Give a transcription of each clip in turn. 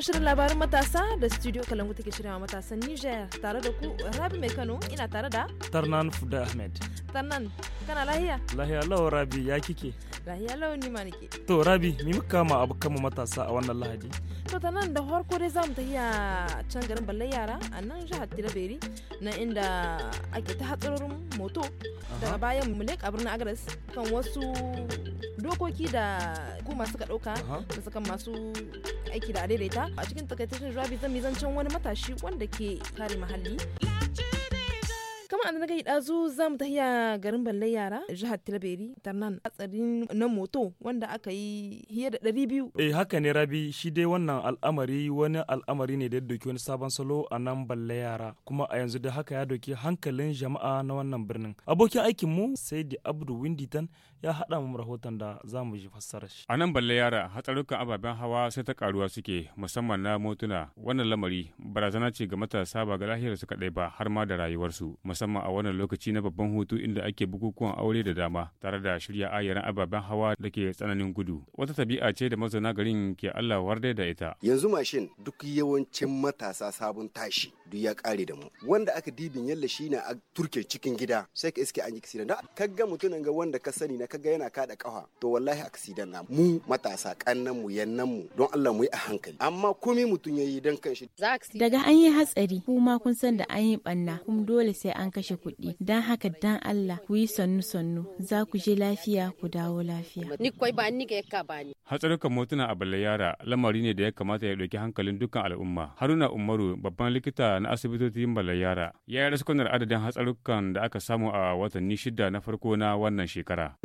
shirin labarin matasa da studio kalangu take shirya matasan Niger tare da ku Rabi Mai Kano ina tare da Tarnan Fuda Ahmed. Tarnan kana lahiya? Lahiya lau Rabi ya kike? Lahiya lau ni ma nake. To Rabi mi muka kama abu kama matasa a wannan Lahadi? To Tarnan da farko dai zamu tafiya can garin Balle yara a nan jihar Tilaberi na inda ake ta hatsarorin moto daga bayan mu ne kabarin Agres kan wasu dokoki da kuma suka dauka da kan masu aiki da adaidaita a cikin rabi zan mizancin wani matashi wanda ke kare muhalli kama an daga ɗazu za mu tafiya garin balle yara jihar tilaberi tarnan hatsarin na moto wanda aka yi hiyar da ɗari biyu eh haka ne rabi shi dai wannan al'amari wani al'amari ne da ya doki wani sabon salo a nan balle yara kuma a yanzu da haka ya doki hankalin jama'a na wannan birnin abokin aikin mu sai da abdu winditan ya haɗa mu rahoton da za mu ji fassarar shi. A nan balle yara hatsarukan ababen hawa sai ta karuwa suke musamman na motuna wannan lamari barazana ce ga matasa ba ga lahiyar su kaɗai ba har ma da rayuwarsu musamman a wannan lokaci na babban hutu inda ake bukukuwan aure da dama tare da shirya ayyaran ababen hawa da ke tsananin gudu wata tabi'a ce da mazauna garin ke Allah warde da ita. Yanzu mashin duk yawancin matasa sabon tashi duk ya kare da mu wanda aka dibin yalla shi na a turke cikin gida sai ka iske an yi kisira da ka ga mutumin ga wanda ka sani na ka ga yana kada kafa to wallahi aksidan na mu matasa kannan mu yannan mu don Allah mu yi a hankali amma komai mutum yayi dan kanshi daga an yi hatsari kuma kun san da an yi banna kuma dole sai an kashe kuɗi dan haka dan Allah ku yi sannu sannu za ku je lafiya ku dawo lafiya ni koi ba ni ga ka ba ni hatsarukan motuna a Balayara lamari ne da ya kamata ya dauki hankalin dukkan al'umma Haruna Umaru babban likita na asibitocin Balayara ya yi raskunar adadin hatsarukan da aka samu a watanni shida na farko na wannan shekara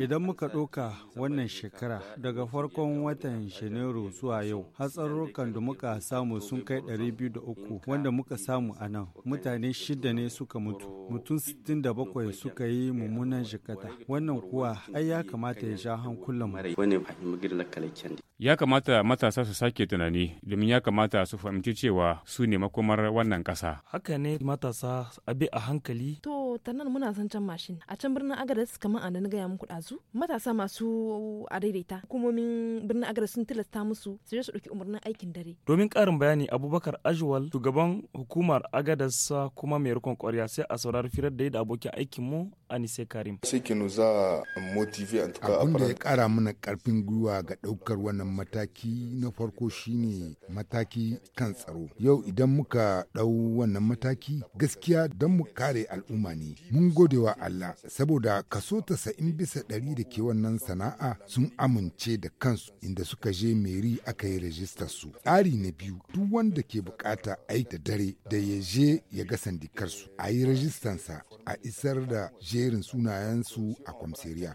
Idan muka ɗauka wannan shekara daga farkon watan Janairu zuwa yau, hatsarurrukan da muka samu sun kai 203 wanda muka samu a nan. Mutane shida ne suka mutu, mutum 67 suka yi mummunan jikata. Wannan kuwa ai ya kamata ya sha hankulan Ya kamata matasa su sake tunani domin ya kamata su fahimci cewa su ne makomar wannan ƙasa. Haka ne matasa abi a hankali. To, tanan muna san can mashin. A can birnin Agadez kamar a nan gaya gaya muku ɗazu matasa masu a daidaita hukumomin birnin agar sun tilasta musu su je su ɗauki umarnin aikin dare. Domin ƙarin bayani Abubakar Ajuwal shugaban hukumar agadarsa kuma mai rikon ƙwarya sai a saurari firar da abokin aikinmu Anise Karim. Abin da ya kara mana karfin gwiwa ga daukar wannan mataki na farko shine mataki kan tsaro. Yau idan muka dau wannan mataki gaskiya don mu kare al'umma ne. Mun gode wa Allah saboda kaso tasa'in bisa ɗari da ke wannan sana'a sun amince da kansu inda suka je meri aka yi rajistar su. Tsari na biyu duk wanda ke bukata a da dare da ya je ya ga sandikarsu a yi rajistansa a isar da je jerin sunayensu a kwamsiriya.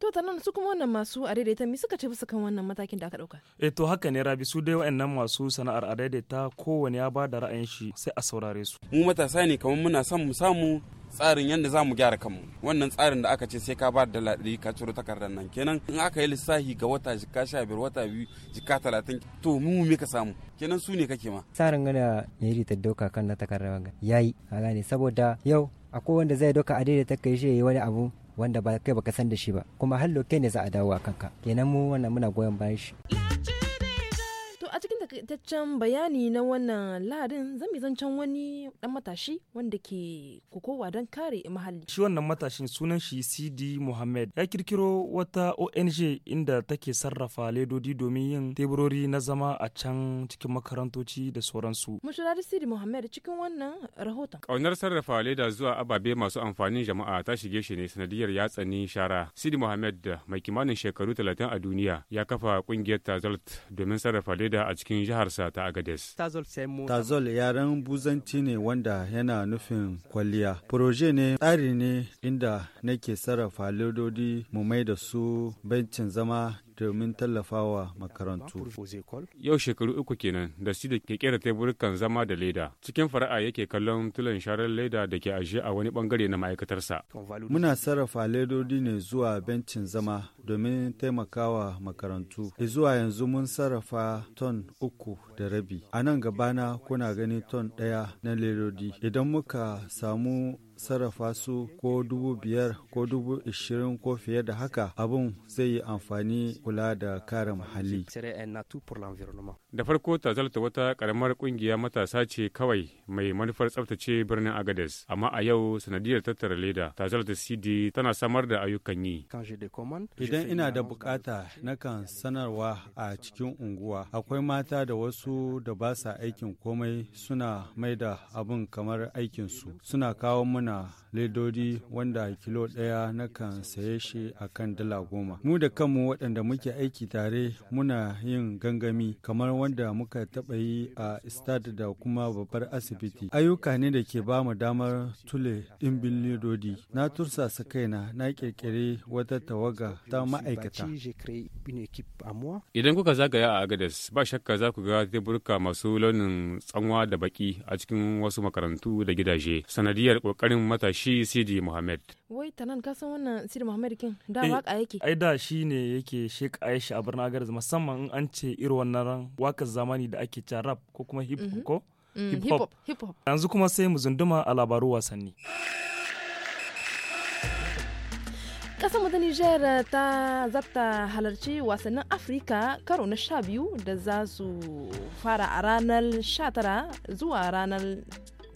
To ta nan su kuma wannan masu a daidaita mi suka ce bisa kan wannan matakin da aka dauka? Eh to haka ne Rabi su dai wayannan masu sana'ar a daidaita kowane ya ba da ra'ayin shi sai a saurare su. Mu matasa ne kamar muna son mu samu tsarin yadda za mu gyara kanmu wannan tsarin da aka ce sai ka ba da dala ka ciro takardar nan kenan in aka yi lissafi ga wata jika sha biyar wata biyu jika talatin to mu me ka samu kenan su ne kake ma tsarin gana ne ta doka kan na takardar ya hala ne saboda yau akwai wanda zai doka a daidaita kai shi yayi wani abu wanda ba kai baka san da shi ba kuma hallo kai ne za a dawo a kanka kenan mu wannan muna goyon bayan shi takaitaccen bayani na wannan ladin zan zancen wani dan matashi wanda ke kokowa don kare mahalli. Shi wannan matashin sunan shi CD Muhammad ya kirkiro wata ONG inda take sarrafa ledodi domin yin teburori na zama a can cikin makarantoci da sauransu. Mushirari CD Muhammad cikin wannan rahoton. ƙaunar sarrafa leda zuwa ababe masu amfanin jama'a ta shige shi ne sanadiyar yatsani shara. CD Muhammad mai kimanin shekaru talatin a duniya ya kafa kungiyar Tazalt domin sarrafa leda a cikin jiharsa ta agadez. Tazol yaren buzanci ne wanda yana nufin kwalliya. Proje ne tsari ne inda nake sarrafa lododi mu mai da su bencin zama domin tallafawa makarantu. Yau shekaru uku kenan da su da ke kera teburukan zama da leda. Cikin fara'a yake kallon tulan sharar leda da ke ajiye a wani bangare na ma'aikatarsa. Muna sarrafa ledodi ne zuwa bencin zama domin taimakawa makarantu. Zuwa yanzu mun sarrafa ton uku da rabi. A nan gabana kuna gani ton ɗaya na ledodi. Idan muka samu sarrafa su ko dubu biyar ko dubu ishirin ko fiye da haka abun zai yi amfani kula da kare muhalli. Da farko tazalta wata karamar kungiya matasa ce kawai mai manufar tsaftace birnin Agades, amma a yau sanadiyar tattara leda tazalta CD tana samar da ayyukan yi. Idan ina da bukata nakan sanarwa a cikin unguwa akwai mata da wasu da ba sa aikin komai suna mai da abun kamar aikinsu suna kawo mana muna ledodi wanda kilo ɗaya na kan saye shi a kan dala goma. Mu da kanmu waɗanda muke aiki tare muna yin gangami kamar wanda muka taɓa yi a stade da kuma babbar asibiti. Ayyuka ne da ke ba mu damar tule ɗimbin ledodi. Na tursasa kaina na ƙirƙiri wata tawaga ta ma'aikata. Idan kuka zagaya a Agadez ba shakka za ku ga teburka masu launin tsanwa da baki a cikin wasu makarantu da gidaje sanadiyar ƙoƙarin matashi Sidi Muhammad. Wai ta nan kasan wannan Sidi Muhammad kin da eh, waka yake. Ai da shi ne yake Sheikh Aisha a birnin Agadez musamman in an ce irin wannan wakar zamani da ake ta rap ko kuma hip hop mhm. ko? Mm, hip hop. Yanzu kuma sai mu zunduma a labaru wasanni. kasan ta Niger ta zata halarci wasannin Afirka karo na sha biyu da za su fara a ranar 19 zuwa ranar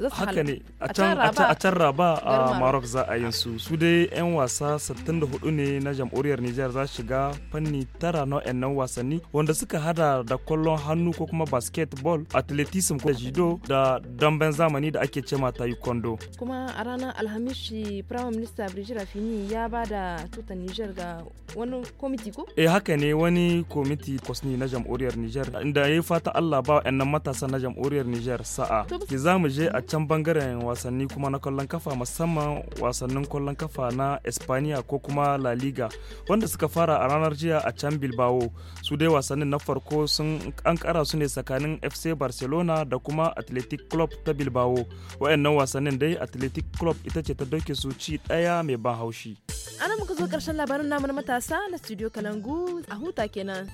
a can raba a maroc za a yin su su dai 'yan wasa 64 ne na jamhuriyar nijar za shiga fanni tara na nan wasanni wanda suka hada da kwallon hannu ko kuma basketball athleticism ko jido da damben zamani da ake cema taekwondo kuma a ranar alhamishi prime minister brigitte rafini ya ba da tutan nijar ga wani komiti ko eh haka ne wani komiti kwasni na jamhuriyar nijar inda ya yi fata allah ba 'yan matasa na jamhuriyar nijar sa'a ki za can bangaren wasanni kuma na kwallon kafa musamman wasannin kwallon kafa na espaniya ko kuma la liga wanda suka fara a ranar jiya a can bilbao su dai wasannin na farko sun an kara su ne tsakanin fc barcelona da kuma athletic club ta bilbao wayannan wasannin dai athletic club ita ce ta dauke su ci daya mai ban haushi ana muka zo karshen labarin namu na matasa na studio kalangu a huta kenan